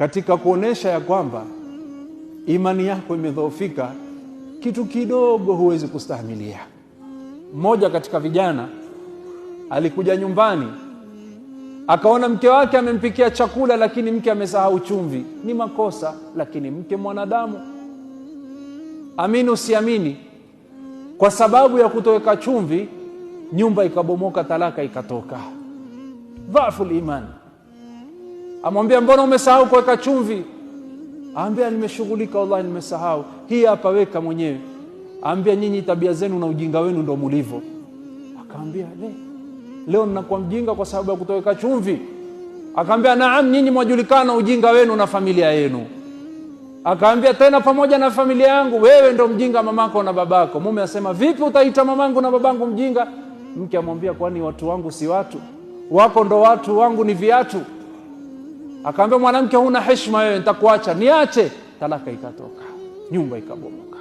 katika kuonesha ya kwamba imani yako imedhoofika, kitu kidogo huwezi kustahimilia. Mmoja katika vijana alikuja nyumbani akaona mke wake amempikia chakula, lakini mke amesahau chumvi. Ni makosa, lakini mke mwanadamu. Amini usiamini, kwa sababu ya kutoweka chumvi nyumba ikabomoka, talaka ikatoka. Dhaifu imani amwambia mbona umesahau kuweka chumvi? Aambia nimeshughulika, wallahi nimesahau. Hii hapa, weka mwenyewe. Aambia nyinyi tabia zenu na ujinga wenu ndio mulivyo. Akaambia le, leo ninakuwa mjinga kwa sababu ya kutoweka chumvi? Akaambia naam, nyinyi mwajulikana ujinga wenu na familia yenu. Akaambia tena pamoja na familia yangu, wewe ndo mjinga, mamako na babako. Mume asema vipi utaita mamangu na babangu mjinga? Mke amwambia kwani watu wangu si watu wako, ndo watu wangu ni viatu Akaambia mwanamke, huna heshima wewe, nitakuacha. Niache. Talaka ikatoka, nyumba ikabomoka.